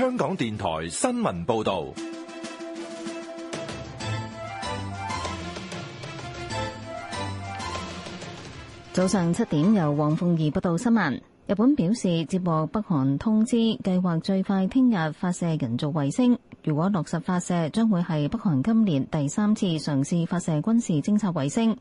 香港電台新聞報道：早上七點由黃鳳儀報道新聞。日本表示接獲北韓通知，計劃最快聽日發射人造衛星。如果落實發射，將會係北韓今年第三次嘗試發射軍事偵察衛星。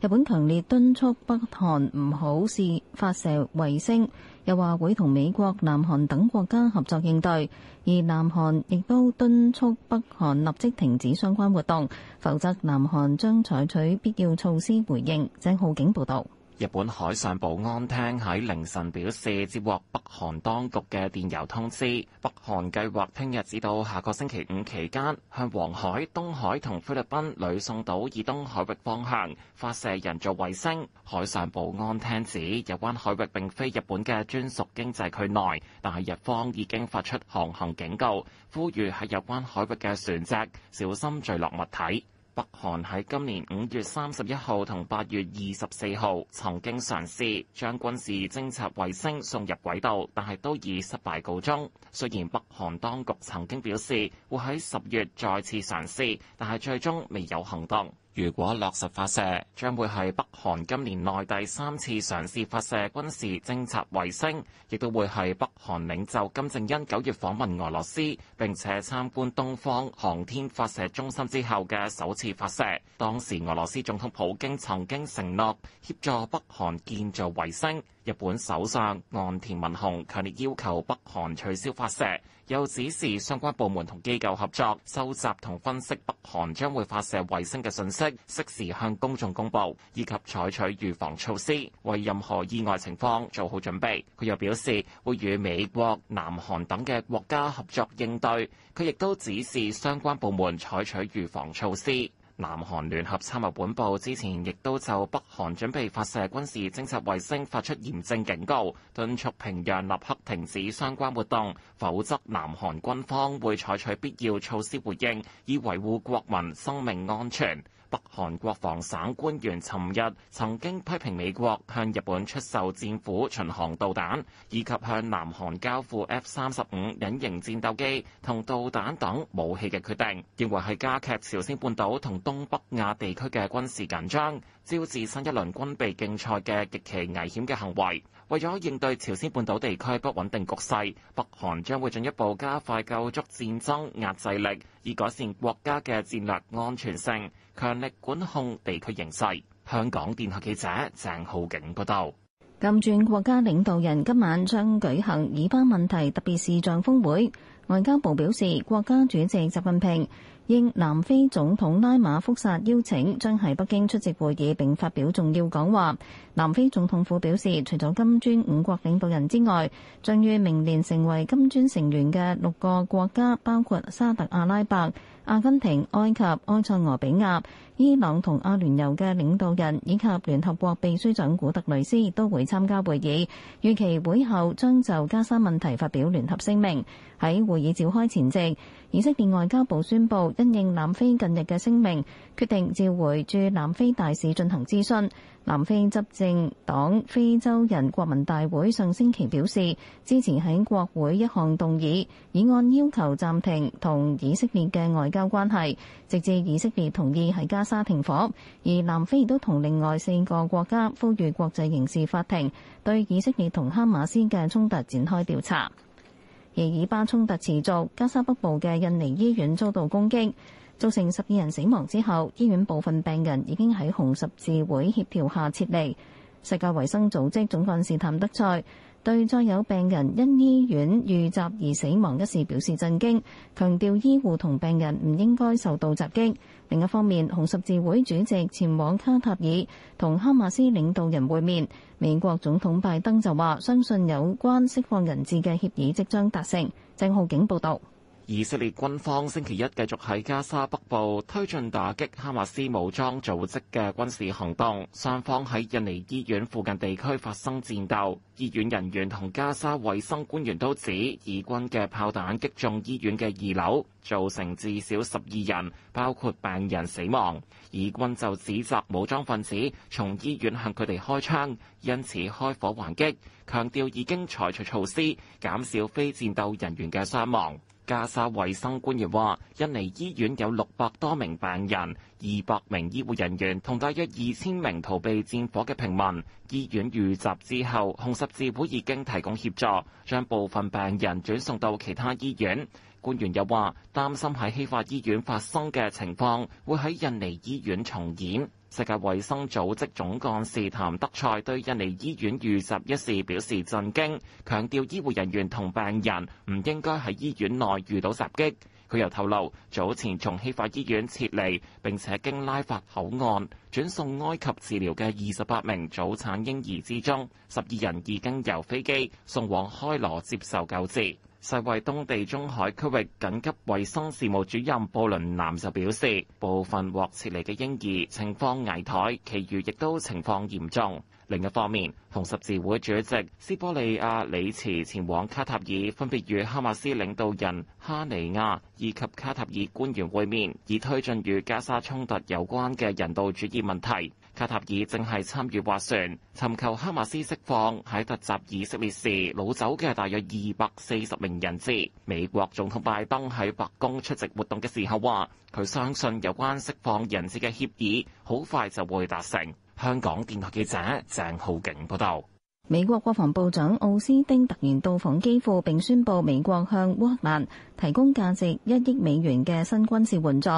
日本強烈敦促北韓唔好試發射衛星，又話會同美國、南韓等國家合作應對，而南韓亦都敦促北韓立即停止相關活動，否則南韓將採取必要措施回應。鄭浩景報道。日本海上保安廳喺凌晨表示，接獲北韓當局嘅電郵通知，北韓計劃聽日至到下個星期五期間向黃海、東海同菲律賓呂宋島以東海域方向發射人造衛星。海上保安廳指，有關海域並非日本嘅專屬經濟區內，但係日方已經發出航行警告，呼籲喺有關海域嘅船隻小心墜落物體。北韓喺今年五月三十一號同八月二十四號曾經嘗試將軍事偵察衛星送入軌道，但係都以失敗告終。雖然北韓當局曾經表示會喺十月再次嘗試，但係最終未有行動。如果落實發射，將會係北韓今年內第三次嘗試發射軍事偵察衛星，亦都會係北韓領袖金正恩九月訪問俄羅斯，並且參觀東方航天發射中心之後嘅首次發射。當時俄羅斯總統普京曾經承諾協助北韓建造衛星。日本首相岸田文雄強烈要求北韓取消發射，又指示相關部門同機構合作，收集同分析北韓將會發射衛星嘅信息，適時向公眾公佈，以及採取預防措施，為任何意外情況做好準備。佢又表示，會與美國、南韓等嘅國家合作應對。佢亦都指示相關部門採取預防措施。南韓聯合參謀本部之前亦都就北韓準備發射軍事偵察衛星發出嚴正警告，敦促平壤立刻停止相關活動，否則南韓軍方會採取必要措施回應，以維護國民生命安全。北韓國防省官員尋日曾經批評美國向日本出售戰斧巡航導彈，以及向南韓交付 F 三十五隱形戰鬥機同導彈等武器嘅決定，認為係加劇朝鮮半島同東北亞地區嘅軍事緊張，招致新一輪軍備競賽嘅極其危險嘅行為。為咗應對朝鮮半島地區不穩定局勢，北韓將會進一步加快構築戰爭壓制力，以改善國家嘅戰略安全性。強力管控地區形勢。香港電台記者鄭浩景報道。金磚國家領導人今晚將舉行以巴問題特別視像峰會。外交部表示，國家主席習近平應南非總統拉馬福薩邀請，將喺北京出席會議並發表重要講話。南非總統府表示，除咗金磚五國領導人之外，將於明年成為金磚成員嘅六個國家，包括沙特阿拉伯。阿根廷、埃及、埃塞俄比亞。伊朗同阿聯酋嘅領導人以及聯合國秘書長古特雷斯都會參加會議，預期會後將就加沙問題發表聯合聲明。喺會議召開前夕，以色列外交部宣布因應南非近日嘅聲明，決定召回駐南非大使進行諮詢，南非執政黨非洲人國民大會上星期表示支持喺國會一項動議，議案要求暫停同以色列嘅外交關係，直至以色列同意喺加。沙停火，而南非亦都同另外四個國家呼籲國際刑事法庭對以色列同哈馬斯嘅衝突展開調查。而以巴衝突持續，加沙北部嘅印尼醫院遭到攻擊，造成十二人死亡之後，醫院部分病人已經喺紅十字會協調下撤離。世界衛生組織總幹事譚德賽對再有病人因醫院遇襲而死亡一事表示震驚，強調醫護同病人唔應該受到襲擊。另一方面，紅十字會主席前往卡塔爾同哈馬斯領導人會面。美國總統拜登就話相信有關釋放人質嘅協議即將達成。鄭浩景報導。以色列軍方星期一繼續喺加沙北部推進打擊哈馬斯武裝組織嘅軍事行動，雙方喺印尼醫院附近地區發生戰鬥。醫院人員同加沙衛生官員都指，以軍嘅炮彈擊中醫院嘅二樓，造成至少十二人，包括病人死亡。以軍就指責武裝分子從醫院向佢哋開槍，因此開火還擊，強調已經採取措施減少非戰鬥人員嘅傷亡。加沙衛生官員話，印尼醫院有六百多名病人，二百名醫護人員同大約二千名逃避戰火嘅平民。醫院遇襲之後，紅十字會已經提供協助，將部分病人轉送到其他醫院。官員又話，擔心喺希法醫院發生嘅情況會喺印尼醫院重演。世界衛生組織總幹事譚德塞對印尼醫院遇襲一事表示震驚，強調醫護人員同病人唔應該喺醫院內遇到襲擊。佢又透露，早前從希法醫院撤離，並且經拉法口岸轉送埃及治療嘅二十八名早產嬰兒之中，十二人已經由飛機送往開羅接受救治。世衛東地中海區域緊急衛生事務主任布倫南就表示，部分獲撤離嘅嬰兒情況危殆，其餘亦都情況嚴重。另一方面，紅十字會主席斯波利亞里茨前往卡塔爾，分別與哈馬斯領導人哈尼亞以及卡塔爾官員會面，以推進與加沙衝突有關嘅人道主義問題。卡塔爾正係參與斡旋，尋求哈馬斯釋放喺突襲以色列時擄走嘅大約二百四十名人質。美國總統拜登喺白宮出席活動嘅時候話，佢相信有關釋放人質嘅協議好快就會達成。香港電台記者鄭浩景報道。美國國防部長奧斯丁突然到訪基輔，並宣佈美國向烏克蘭提供價值一億美元嘅新軍事援助，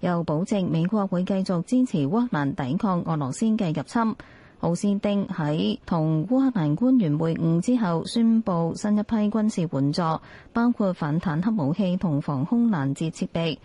又保證美國會繼續支持烏克蘭抵抗俄羅斯嘅入侵。奧斯丁喺同烏克蘭官員會晤之後，宣布新一批軍事援助，包括反坦克武器同防空攔截設備。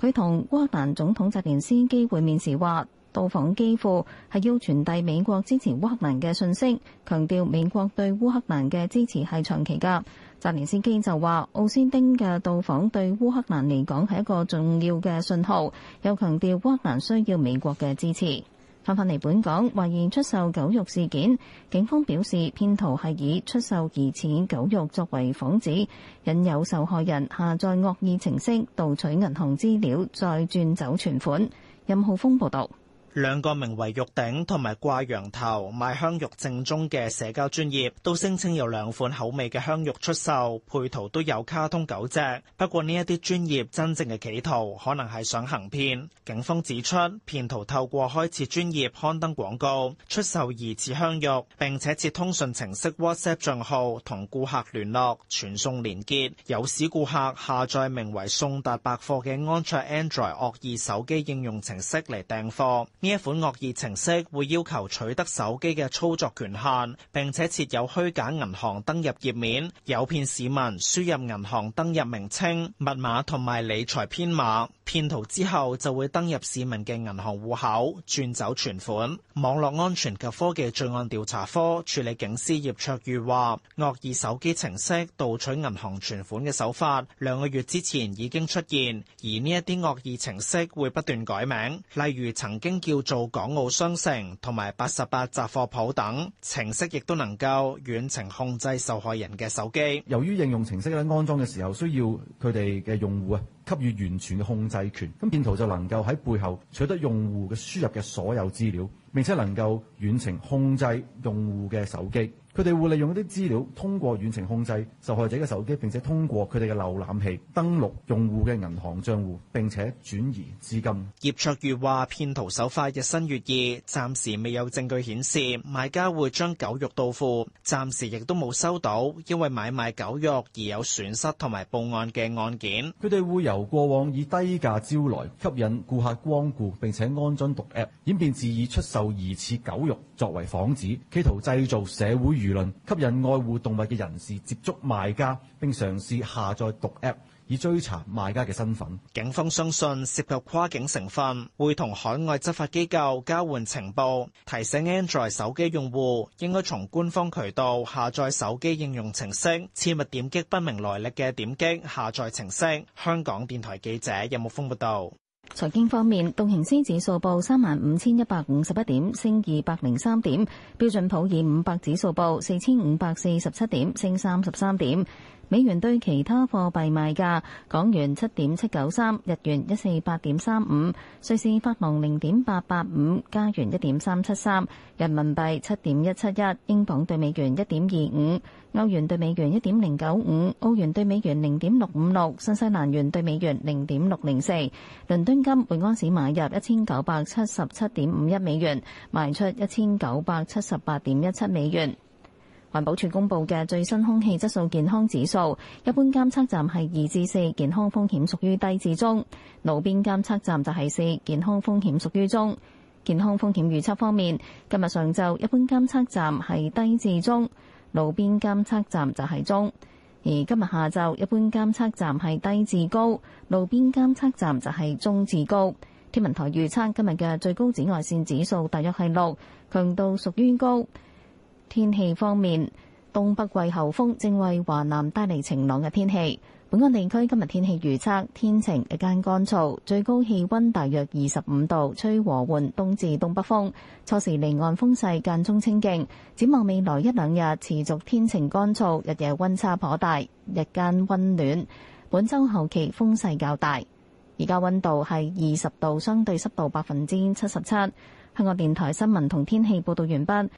佢同烏克蘭總統澤連斯基會面時話：到訪基輔係要傳遞美國支持烏克蘭嘅訊息，強調美國對烏克蘭嘅支持係長期㗎。澤連斯基就話：奧斯丁嘅到訪對烏克蘭嚟講係一個重要嘅信號，又強調烏克蘭需要美國嘅支持。翻返嚟本港，懷疑出售狗肉事件，警方表示騙徒係以出售疑似狗肉作為幌子，引誘受害人下載惡意程式盜取銀行資料，再轉走存款。任浩峰報導。兩個名為玉頂同埋掛羊頭賣香肉正宗嘅社交專業，都聲稱有兩款口味嘅香肉出售，配圖都有卡通狗隻。不過呢一啲專業真正嘅企圖，可能係想行騙。警方指出，騙徒透過開設專業刊登廣告，出售疑似香肉，並且設通訊程式 WhatsApp 賬號同顧客聯絡，傳送連結，誘使顧客下載名為送達百貨嘅安卓、Android 惡意手機應用程式嚟訂貨。呢一款惡意程式會要求取得手機嘅操作權限，並且設有虛假銀行登入頁面，誘騙市民輸入銀行登入名稱、密碼同埋理財編碼。騙徒之後就會登入市民嘅銀行戶口，轉走存款。網絡安全及科技罪案調查科處理警司葉卓如話：惡意手機程式盜取銀行存款嘅手法兩個月之前已經出現，而呢一啲惡意程式會不斷改名，例如曾經叫做港澳商城同埋八十八雜貨鋪等。程式亦都能夠遠程控制受害人嘅手機。由於應用程式喺安裝嘅時候需要佢哋嘅用戶啊。給予完全嘅控制權，咁電圖就能夠喺背後取得用戶嘅輸入嘅所有資料，並且能夠遠程控制用戶嘅手機。佢哋會利用一啲資料，通過遠程控制受害者嘅手機，並且通過佢哋嘅瀏覽器登錄用戶嘅銀行帳戶，並且轉移資金。葉卓如話：騙徒手法日新月異，暫時未有證據顯示買家會將狗肉到付，暫時亦都冇收到因為買賣狗肉而有損失同埋報案嘅案件。佢哋會由過往以低價招來吸引顧客光顧，並且安裝毒 App，演變至以出售疑似狗肉作為幌子，企圖製造社會輿。輿論，吸引愛護動物嘅人士接觸賣家，並嘗試下載毒 App 以追查賣家嘅身份。警方相信涉及跨境成分，會同海外執法機構交換情報，提醒 Android 手機用戶應該從官方渠道下載手機應用程式，切勿點擊不明來歷嘅點擊下載程式。香港電台記者任木峯報導。財經方面，道瓊斯指數報三萬五千一百五十一點，升二百零三點；標準普爾五百指數報四千五百四十七點，升三十三點。美元對其他貨幣賣價：港元七點七九三，日元一四八點三五，瑞士法郎零點八八五，加元一點三七三，人民幣七點一七一，英鎊對美元一點二五，歐元對美元一點零九五，澳元對美元零點六五六，新西蘭元對美元零點六零四。倫敦金每盎司買入一千九百七十七點五一美元，賣出一千九百七十八點一七美元。環保署公布嘅最新空氣質素健康指數，一般監測站係二至四，健康風險屬於低至中；路邊監測站就係四，健康風險屬於中。健康風險預測方面，今日上晝一般監測站係低至中，路邊監測站就係中；而今日下晝一般監測站係低至高，路邊監測站就係中至高。天文台預測今日嘅最高紫外線指數大約係六，強度屬於高。天氣方面，東北季候風正為華南帶嚟晴朗嘅天氣。本港地區今日天氣預測天晴，日間乾燥，最高氣溫大約二十五度，吹和緩東至東北風。初時離岸風勢間中清勁。展望未來一兩日，持續天晴乾燥，日夜溫差頗大，日間溫暖。本周後期風勢較大。而家溫度係二十度，相對濕度百分之七十七。香港電台新聞同天氣報道完畢。